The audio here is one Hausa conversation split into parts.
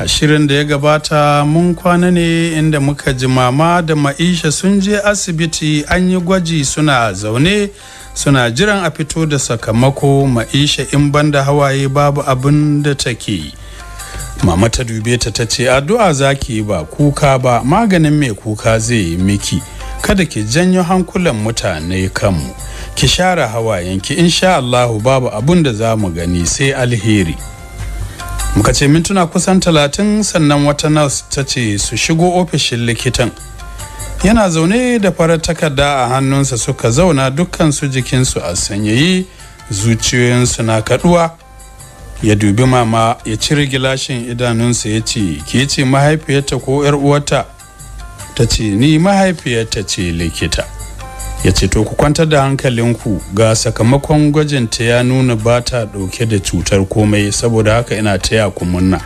a shirin da ya gabata mun kwana ne inda muka ji mama da ma'isha sun je asibiti an yi gwaji suna zaune suna jiran a fito da sakamako ma'isha in banda hawaye babu abin da take ke. mama ta dube ta ta ce addu'a zaki ba kuka ba maganin mai kuka zai yi miki kada ki janyo hankulan mutane kanmu ki share hawayenki insha Allahu babu abun da za mu gani sai alheri muka ce mintuna kusan talatin sannan wata nas ta ce su shigo ofishin likitan yana zaune da farar takarda a hannunsa suka zauna dukkan su jikinsu a sanyayi zuciyoyinsu na kaduwa ya dubi mama ya cire gilashin idanunsa ya ce ke ce mahaifiyarta ko 'yar uwarta ta ce ni mahaifiyarta ce likita ya ce to ku kwantar da hankalinku ga sakamakon gwajin ta ya nuna ba ta ɗauke da cutar komai saboda haka ina taya ku munna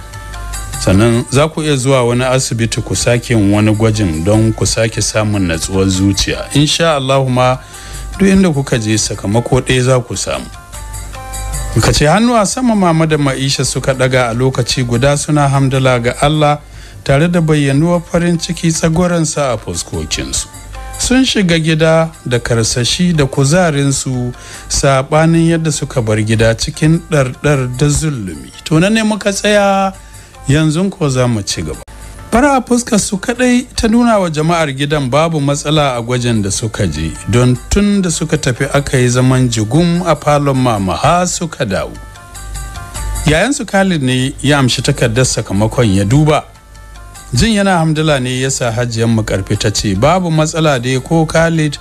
sannan za ku iya zuwa wani asibiti ku sake wani gwajin don ku sake samun natsuwar zuciya insha Allah ma duk inda kuka je sakamako ɗaya za ku samu muka ce hannu a sama mama da ma'isha suka ɗaga a lokaci guda suna hamdala ga Allah tare da bayyanuwar farin ciki tsagoransa a fuskokinsu. sun shiga gida da karsashi da kuzarinsu saɓanin yadda suka bar gida cikin ɗarɗar da zulumi to ne muka tsaya yanzu ko za mu ci gaba fara fuskar su kadai ta nuna wa jama'ar gidan babu matsala a gwajin da suka je don tun da suka tafi aka yi zaman jigun a falon mama ha suka dawo yayan su Khalid ne ya amshi takardar sakamakon ya duba jin yana hamdala ne ya sa hajiyar karfe ta ce babu matsala da ko khalid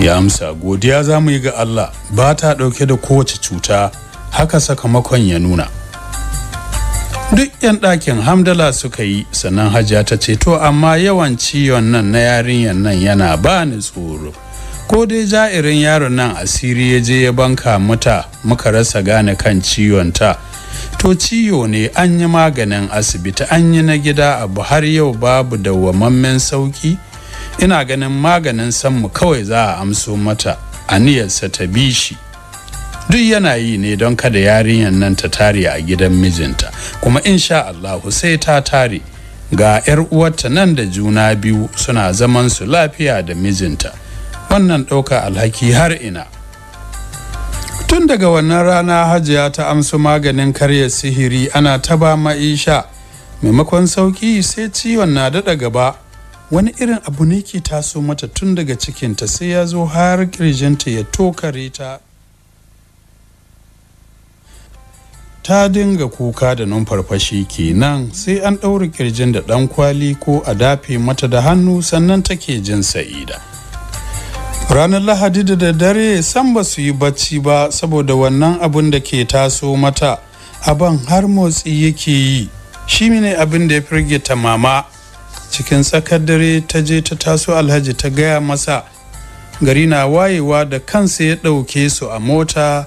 ya amsa godiya za mu yi ga allah ba ta ɗauke da kowace cuta haka sakamakon ya nuna duk 'yan ɗakin hamdala suka yi sannan hajiya ta ce to amma yawan ciwon nan na yarinyar nan yana ba ni tsoro ko dai ja ja'irin yaron nan asiri ya je ya banka mata muka rasa gane kan ciwon ta to ciyo ne an yi maganin asibiti an yi na gida abu har yau babu dawwamammen sauki ina ganin maganin sanmu kawai za a amso mata a niyarsa ta bi shi duk yana yi ne don kada yarinyar nan ta tare a gidan mijinta kuma in sha Allahu sai ta tare ga 'yar uwarta nan da juna biyu suna zaman su lafiya da mijinta wannan ɗauka alhaki har ina tun daga wannan rana hajiya ta amsu maganin karya sihiri ana taba ma'isha maimakon sauki sai ciwon na daɗa gaba wani irin abu ne ke taso mata tun daga cikinta sai ya zo har kirjinta ya tokare ta ta dinga kuka da numfarfashi kenan sai an ɗaura kirjin da ɗan kwali ko a dafe mata da hannu sannan take jin sa'ida. ranar lahadi da daddare san ba su yi bacci ba saboda wannan abin da ke taso mata aban har motsi yake yi shi ne abin da ya firge ta mama cikin tsakar dare ta je ta taso alhaji ta gaya masa gari na wayewa da kansa ya ɗauke su a mota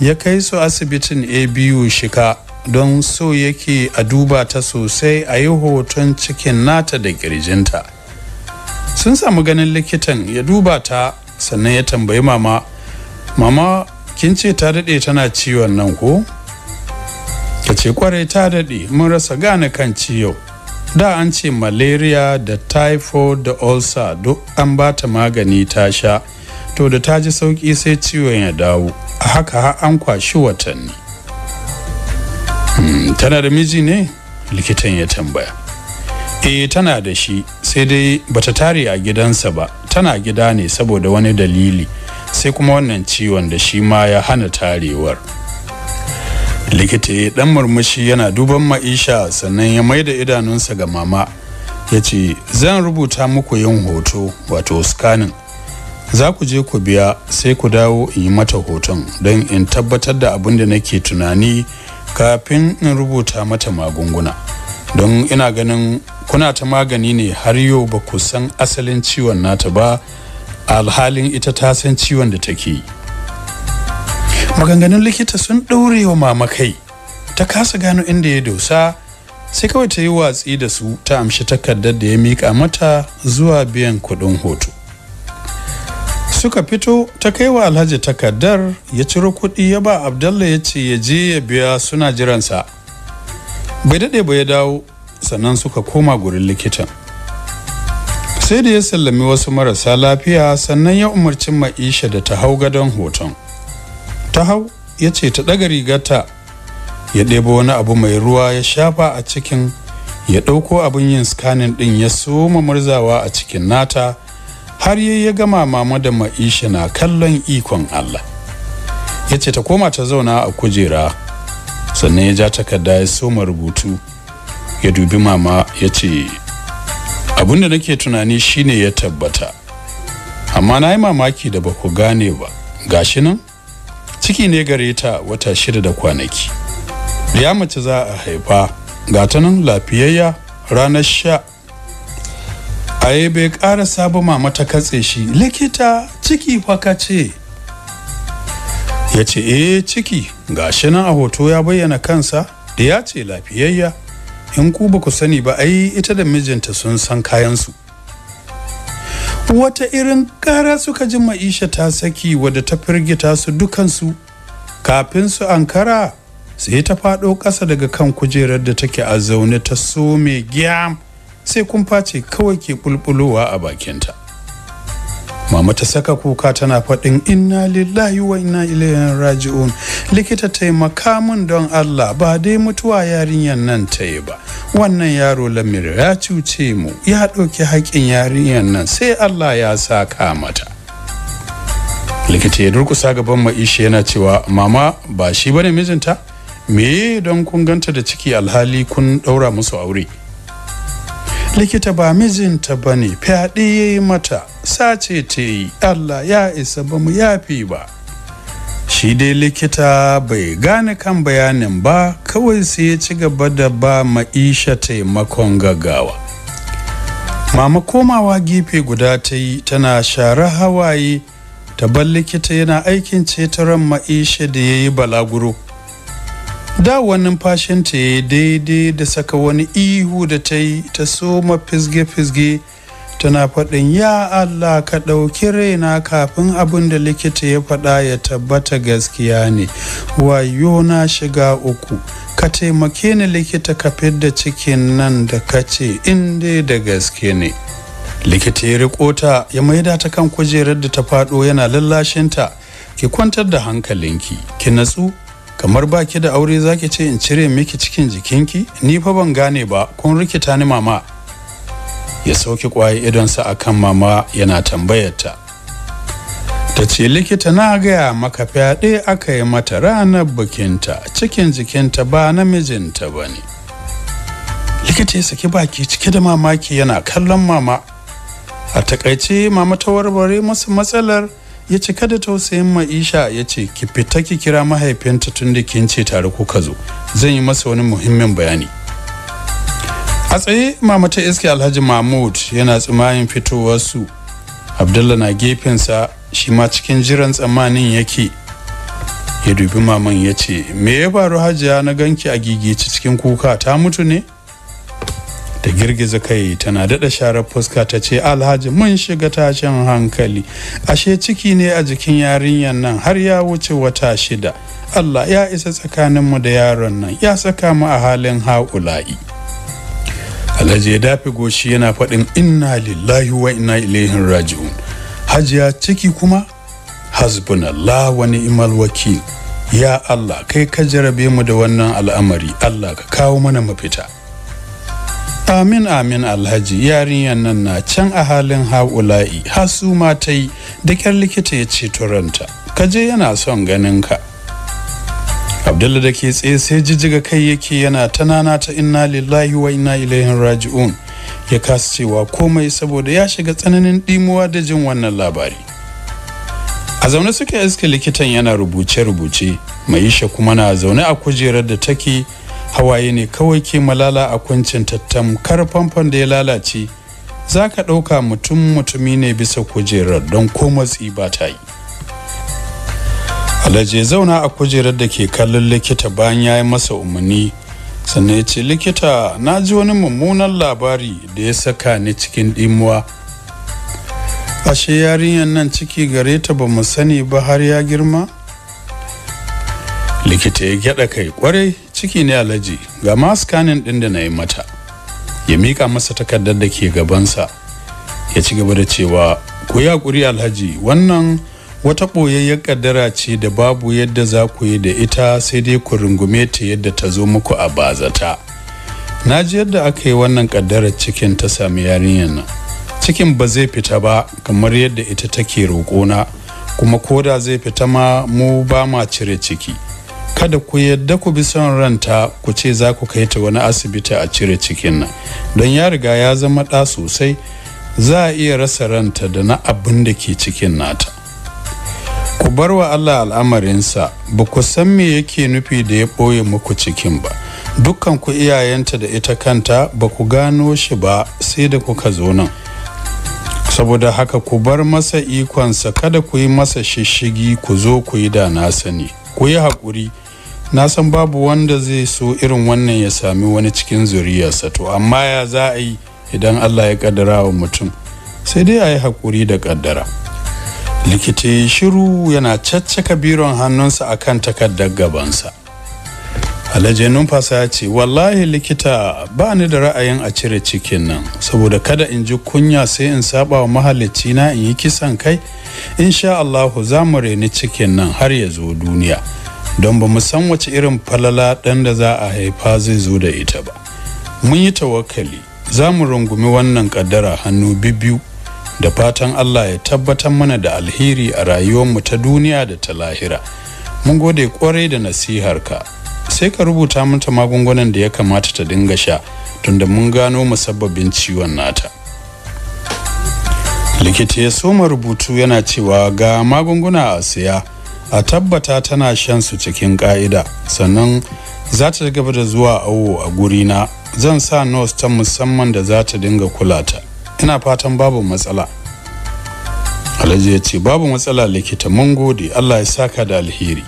ya kai su asibitin abu shika don so yake a duba ta sosai a yi hoton cikin nata da kirjinta. sun samu ganin likitan ya duba ta sannan ya tambayi mama mama kin ce ta daɗe tana ciwon nan ko ta ce kwarai ta daɗe mun rasa gane kan ciwo da an ce malaria da typhoid da ulcer duk an ba ta magani ta sha to da ta ji sauƙi sai ciwon ya dawo a haka ha an kwashi watanni hmm, tana da miji ne likitan ya tambaya eh tana da shi sai dai bata tare a gidansa ba tana gida ne saboda wani dalili sai kuma wannan ciwon da shi ma ya hana tarewar likita ya dan murmushi yana duban ma'isha sannan ya mai da idanunsa ga mama ya ce zan rubuta muku yin hoto wato scanning za ku je ku biya sai ku dawo in yi mata hoton don in tabbatar da abin da nake tunani kafin in rubuta mata magunguna don ina ganin kuna ta magani ne har yau ba ku san asalin ciwon nata ba alhalin ita ta san ciwon da take maganganun likita sun ɗaure wa Mama mamakai ta kasa gano inda ya dosa sai kawai ta yi watsi da su ta amshi takardar da ya mika mata zuwa biyan kuɗin hoto suka fito ta kai wa alhaji takardar ya ciro kuɗi ya ba abdallah ya ce ya je ya biya suna jiransa bai daɗe ba ya dawo sannan suka koma gurin likitan sai da ya sallami wasu marasa lafiya sannan ya umarci ma'isha da ta hau gadon hoton ta hau ya ce ta ɗaga rigarta ya ɗebo wani abu mai ruwa ya shafa a cikin ya ɗauko abin yin scanning ɗin ya soma murzawa a cikin nata har ya gama mama da ma'isha na kallon ikon Allah ya ce ta koma ta zauna a kujera sannan ya ja takarda ya soma rubutu ya dubi mama ya ce abinda nake tunani shine ya tabbata amma na yi mamaki da ba ku gane ba gashi nan ciki ne gare ta wata shida da kwanaki ya mace za a haifa ga ta nan lafiyayya ranar sha a bai ƙara sabon mama ta katse shi likita ciki fa ka ce ya ce e ciki ga shi nan a hoto ya bayyana kansa da ya ce lafiyayya in ku ba ku sani ba ai ita da mijinta sun san kayansu wata irin kara suka ji ma'isha ta saki wadda ta firgita su dukansu kafin su ankara sai ta faɗo ƙasa daga kan kujerar da take a zaune ta so mai gyam sai kun face kawai ke bulbulowa a bakinta mama ta saka kuka tana faɗin inna lillahi wa inna ilaihi raji'un likita taimaka min don allah ba dai mutuwa yarinyar nan ta yi ba wannan yaro lamir ya cuce mu ya ɗauki haƙƙin yarinyar nan sai allah ya saka mata likita ya durkusa gaban ishe yana cewa mama ba shi bane mijinta me don kun ganta da ciki alhali kun ɗaura musu aure likita ba mijinta bane fyaɗe ya yi mata sace ta yi allah ya isa ba mu yafi ba shi dai likita bai gane kan bayanin ba kawai sai ya ci gaba da ba ma'isha taimakon gaggawa mama komawa gefe guda ta yi tana share hawaye ta bar likita yana aikin cetaron ma'isha da ya yi balaguro da wannan fashinta ya daidai da saka wani ihu da ta yi ta soma fisge-fisge tana faɗin ya Allah ka ɗauki raina kafin abin da likita ya faɗa ya tabbata gaskiya ne wayo na shiga uku ka taimake ni likita ka fidda cikin nan da ka ce in da gaske ne likita ya riko ta ya maida ta kan kujerar da ta faɗo yana lallashinta ki kwantar da hankalinki ki natsu kamar baki da aure zaki ce in cire miki cikin jikinki ni fa ban gane ba kun rikita ni mama ya sauke kwaye idonsa a kan mama yana tambayarta ta ce likita na gaya maka fyaɗe aka yi mata ranar bikinta cikin jikinta ba namijinta ba ne likita ya saki baki cike da mamaki yana kallon mama a takaice mama ta warware masu matsalar ya cika da tausayin ma'isha ya ce ki fita ki kira mahaifinta tun da kin ce tare kuka zo zan yi masa wani muhimmin bayani a tsaye mama ta iske alhaji mahmud yana tsimayin fitowarsu abdullahi na gefensa shi ma cikin jiran tsammanin yake ya dubi maman ya ce me ya faru hajiya na ganki a gigice cikin kuka ta mutu ne da girgiza kai tana daɗa sharar fuska ta ce alhaji mun shiga tashin hankali ashe ciki ne a jikin yarinyar nan har ya wuce wata shida allah ya isa tsakaninmu da yaron nan ya saka mu a halin ha'ula'i alhaji ya dafi goshi yana faɗin inna lillahi wa inna ilaihin raji'un hajiya ciki kuma hasbunallah wa ni'mal wakil ya allah kai ka jarabe mu da wannan al'amari allah ka kawo mana mafita amin amin alhaji yarinyar nan na can a halin haula'i hasu ma ta yi da kyar likita ya ce turanta ka yana son ganin ka dalla da ke tsaye sai jijjiga kai yake yana ta nana ta inna lillahi wa inna ilaihi raji'un ya kasa cewa komai saboda ya shiga tsananin dimuwa da jin wannan labari a zaune suke iska likitan yana rubuce-rubuce mai maisha kuma na zaune a kujerar da take hawaye ne kawai ke malala a kwancin tattamkar famfon da ya lalace za ka ɗauka mutum mutumi ne bisa kujerar don ko matsi ba ta yi alhaji zauna a kujerar da ke kallon likita bayan ya yi masa umarni sannan ya ce likita na ji wani mummunan labari da ya saka ni cikin dimuwa ashe yarinyar nan ciki gare ta ba mu sani ba har ya girma likita ya gyada kai kwarai ciki ne alhaji ga maskanin ɗin din da na yi mata ya mika masa takardar da ke gabansa ya ci gaba da cewa ku yi alhaji wannan wata ɓoyayyar ƙaddara ce da babu yadda za ku yi da ita sai dai ku rungume ta yadda ta zo muku a bazata na ji yadda aka yi wannan ƙaddarar cikin ta sami yarinyar nan cikin ba zai fita ba kamar yadda ita take roƙona kuma ko da zai fita ma mu ba ma cire ciki kada ku yadda ku bi son ranta ku ce za ku kai ta wani asibiti a cire cikin nan don ya riga ya zama ɗa sosai za a iya rasa ranta da na abin da ke cikin nata ku bar wa Allah al'amarinsa ba ku san me yake nufi da ya ɓoye muku cikin ba dukkan ku iyayenta da ita kanta ba ku gano shi ba sai da kuka zo nan saboda haka ku bar masa ikonsa kada ku yi masa shishigi ku zo ku yi da na sani ku yi haƙuri na san babu wanda zai so irin wannan ya sami wani cikin zuriyarsa to amma ya za a yi idan allah ya ƙaddara wa mutum sai dai a yi haƙuri da ƙaddara likita shiru yana caccaka biron hannunsa kan takardar gabansa alhaji numfasa ya ce wallahi likita ba ni da ra'ayin a cire cikin nan saboda kada in ji kunya sai in saba wa mahalicci na in yi kisan kai insha Allahu za mu reni cikin nan har ya zo duniya don ba mu san wace irin falala ɗan da za a haifa zai zo da ita ba mun yi tawakkali za mu rungumi wannan kaddara hannu bibiyu da fatan Allah ya tabbatar mana da alheri a rayuwarmu ta duniya da ta lahira mun gode kwarai da nasihar ka sai ka rubuta mata magungunan da ya kamata ta dinga sha tunda mun gano musabbabin ciwon nata likita ya soma rubutu yana cewa ga magunguna a siya a tabbata tana shan su cikin ka'ida sannan za ta gaba da zuwa awo a gurina zan sa nurse ta musamman da za ta dinga kula ta ina fatan babu matsala alhaji ya ce babu matsala likita mun gode allah ya saka da alheri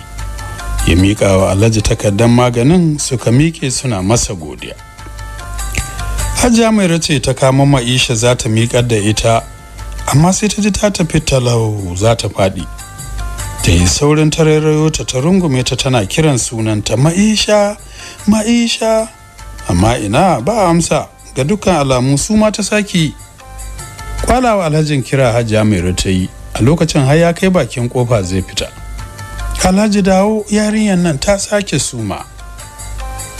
ya miƙa wa alhaji takardar maganin suka miƙe suna masa godiya hajiya mai race ta kama ma'isha za ta miƙar da ita amma sai ta ji ta tafi talau za ta faɗi ta yi saurin tarairayo ta ta rungume ta tana kiran sunanta ma'isha ma'isha amma ina ba amsa ga dukkan alamu su ma ta saki kwalawa alhajin kira hajiya mai ta yi a lokacin haya ya kai bakin kofa zai fita alhaji dawo yarinyar nan ta sake suma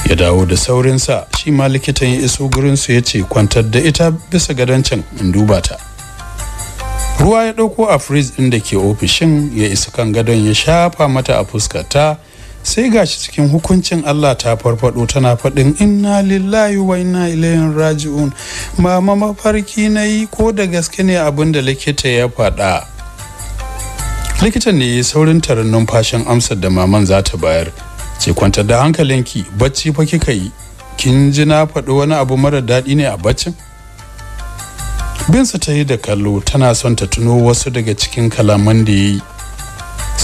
ya dawo da saurinsa shi ma likitan ya iso gurinsu ya ce kwantar da ita bisa gadon can in duba ta ruwa ya ɗauko a fridge ɗin da ke ofishin ya isa kan gadon ya shafa mata a fuskarta ta sai gashi cikin hukuncin Allah ta farfado tana faɗin inna lillahi wa inna ilayhi raji'un mama mafarki na yi ko da gaske ne abin da likita ya faɗa likitan ne ya saurin tarin numfashin amsar da maman za ta bayar ce kwantar da hankalinki bacci fa kika yi kin ji na faɗi wani abu mara daɗi ne a baccin binsa ta yi da kallo tana son ta tuno wasu daga cikin kalaman da ya yi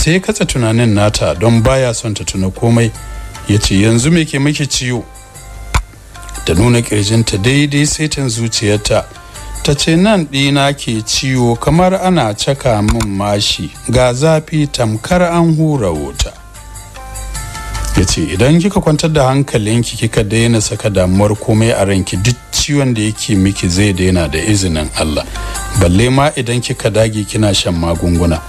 sai katsa tunanin nata don baya son ta tuna komai ya ce yanzu me ke miki ciwo da nuna kirjinta daidai saitin zuciyarta ta ce nan ɗina ke ciwo kamar ana caka min mashi ga zafi tamkar an hura wuta ya ce idan kika kwantar da hankalinki kika daina saka damuwar komai a ranki duk ciwon da yake miki zai daina da izinin Allah balle ma idan kika dage kina shan magunguna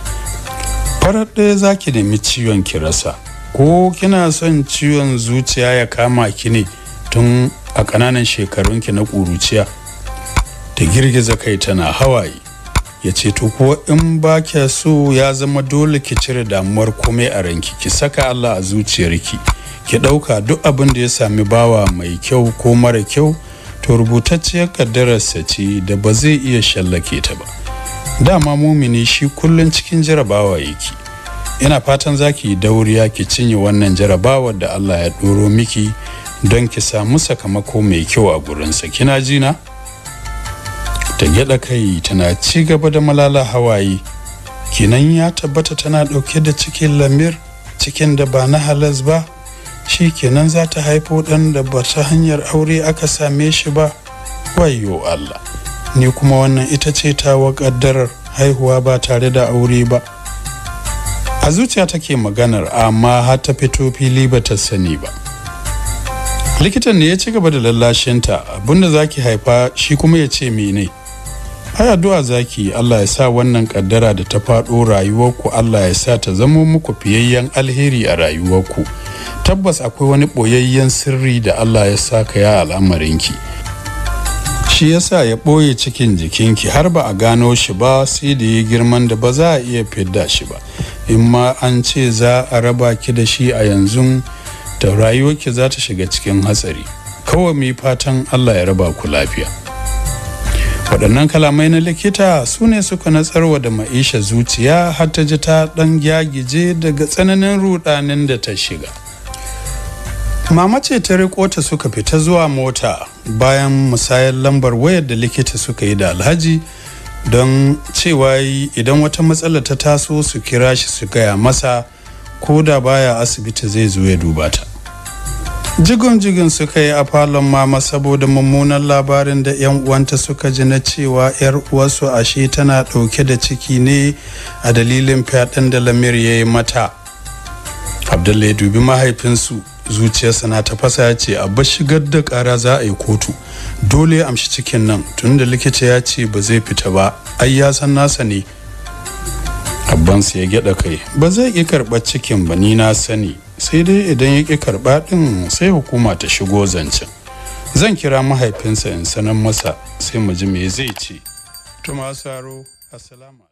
farar ɗaya za ki nemi ciwon ki rasa ko kina son ciwon zuciya ya kama ki ne tun a ƙananan shekarunki na ƙuruciya ta girgiza kai tana hawaye ya ce to kuwa in ba kya so ya zama dole ki cire damuwar komai a ranki ki saka Allah a zuciyarki ki ɗauka duk abin da ya sami bawa mai kyau ko mara kyau to rubutacciyar kaddararsa ce da ba zai iya shallake ta ba dama mumini shi kullum cikin jarabawa yake ina fatan zaki yi dauriya ki cinye wannan jarabawar da allah ya ɗoro miki don ki samu sakamako mai kyau a gurinsa kina ji na. ta gyaɗa kai tana ci gaba da malala hawaye kinan ya tabbata tana dauke da cikin lamir cikin da ba na halas ba shi kinan za ta haifo ɗan da ba ta hanyar aure aka same shi ba wayo allah ni kuma wannan ita ce ta wakaddarar haihuwa ba tare da aure ba a zuciya take maganar amma har ta fito fili ba ta sani ba likitan ne ya ci gaba da lallashinta abinda zaki haifa shi kuma ya ce mene ai addu'a zaki Allah ya sa wannan kaddara da ta faɗo rayuwarku Allah ya sa ta zamo muku fiyayyen alheri a rayuwarku tabbas akwai wani ɓoyayyen sirri da Allah ya sa ka ya al'amarinki shi yasa ya ɓoye cikin jikinki har ba a gano shi ba sai da ya girman da ba za a iya fidda shi ba in ma an ce za a raba ki da shi a yanzu ta rayuwarki za ta shiga cikin hatsari kawai mai fatan allah ya raba ku lafiya waɗannan kalamai na likita su ne suka natsarwa da ma'isha zuciya har ta ji ta ɗan gyagije daga tsananin ruɗanin da ta shiga mama ce ta riko ta suka fita zuwa mota bayan musayar lambar wayar da likita suka yi da alhaji don cewa idan wata matsala ta taso su kira shi su gaya masa ko da baya asibiti zai zo ya duba ta jigon-jigon suka yi a falon mama saboda mummunan labarin da 'yan uwanta suka ji na cewa 'yar uwarsu ashe tana ɗauke da ciki ne a dalilin fyaɗen da lamir ya yi mata abdullahi dubi mahaifinsu zuciyarsa na tafasa ya ce a shigar da kara za a yi kotu dole ya amshi cikin nan tunda likita ya ce ba zai fita ba ai ya san nasa ne abbansa ya gyada kai ba zai ki karɓa cikin ba ni na sani sai dai idan ya ƙi karɓa ɗin sai hukuma ta shigo zancen zan kira mahaifinsa in sanar masa sai mu ji me zai ce masaro assalamu